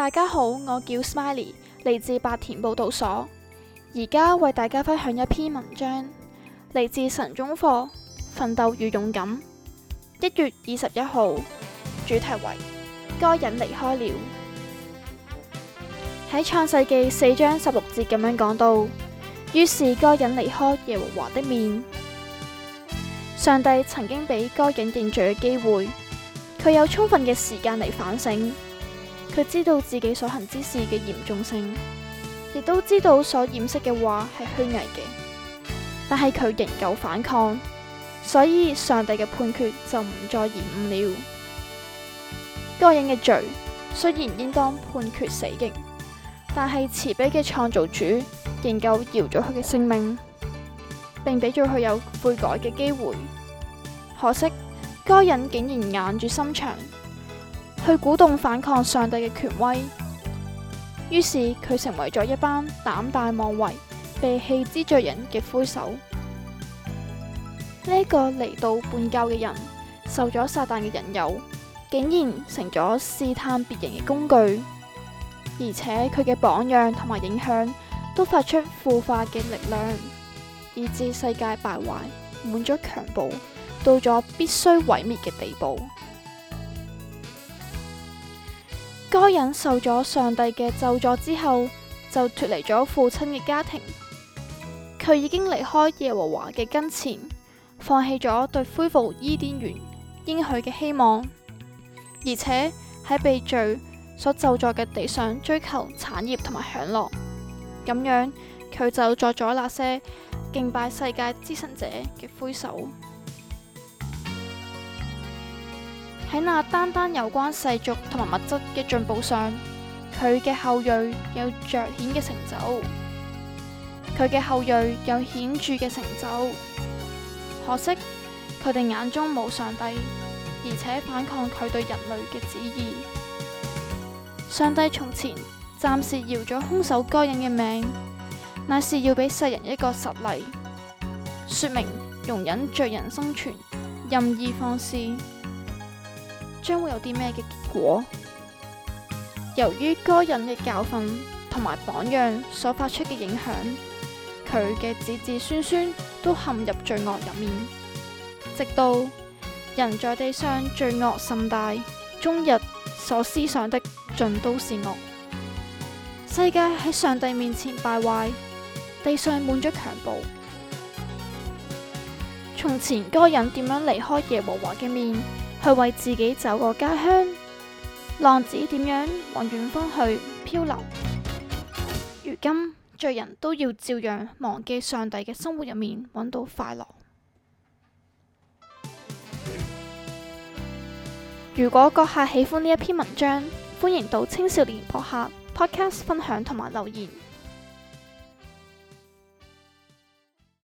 大家好，我叫 Smiley，嚟自白田報道所。而家為大家分享一篇文章，嚟自神中課《奮鬥與勇敢》。一月二十一號，主題為：該隱離開了。喺創世紀四章十六節咁樣講到，於是該隱離開耶和華的面。上帝曾經俾該隱認罪嘅機會，佢有充分嘅時間嚟反省。佢知道自己所行之事嘅嚴重性，亦都知道所掩飾嘅話係虛偽嘅，但係佢仍舊反抗，所以上帝嘅判決就唔再延誤了。該隱嘅罪雖然應當判決死刑，但係慈悲嘅創造主仍舊饒咗佢嘅性命，並俾咗佢有悔改嘅機會。可惜，該隱竟然硬住心腸。去鼓動反抗上帝嘅權威，於是佢成為咗一班膽大妄為、被棄之罪人嘅魁首。呢個嚟到叛教嘅人，受咗撒旦嘅引誘，竟然成咗試探別人嘅工具，而且佢嘅榜樣同埋影響都發出腐化嘅力量，以致世界敗壞，滿咗強暴，到咗必須毀滅嘅地步。該隱受咗上帝嘅咒詛之後，就脫離咗父親嘅家庭，佢已經離開耶和華嘅跟前，放棄咗對恢復伊甸園應許嘅希望，而且喺被罪所咒詛嘅地上追求產業同埋享樂，咁樣佢就作咗那些敬拜世界之神者嘅魁首。喺那單單有關世俗同埋物質嘅進步上，佢嘅後裔有著顯嘅成就；佢嘅後裔有顯著嘅成就。可惜佢哋眼中冇上帝，而且反抗佢對人類嘅旨意。上帝從前暫時饒咗兇手該隱嘅命，乃是要俾世人一個實例，説明容忍罪人生存，任意放肆。將會有啲咩嘅結果？由於該隱嘅教訓同埋榜樣所發出嘅影響，佢嘅子子孫孫都陷入罪惡入面。直到人在地上罪惡甚大，終日所思想的盡都是惡，世界喺上帝面前敗壞，地上滿咗強暴。從前該隱點樣離開耶和華嘅面？去為自己走過家鄉，浪子點樣往遠方去漂流？如今罪人都要照樣忘記上帝嘅生活入面揾到快樂。 如果閣下喜歡呢一篇文章，歡迎到青少年博客 Podcast 分享同埋留言。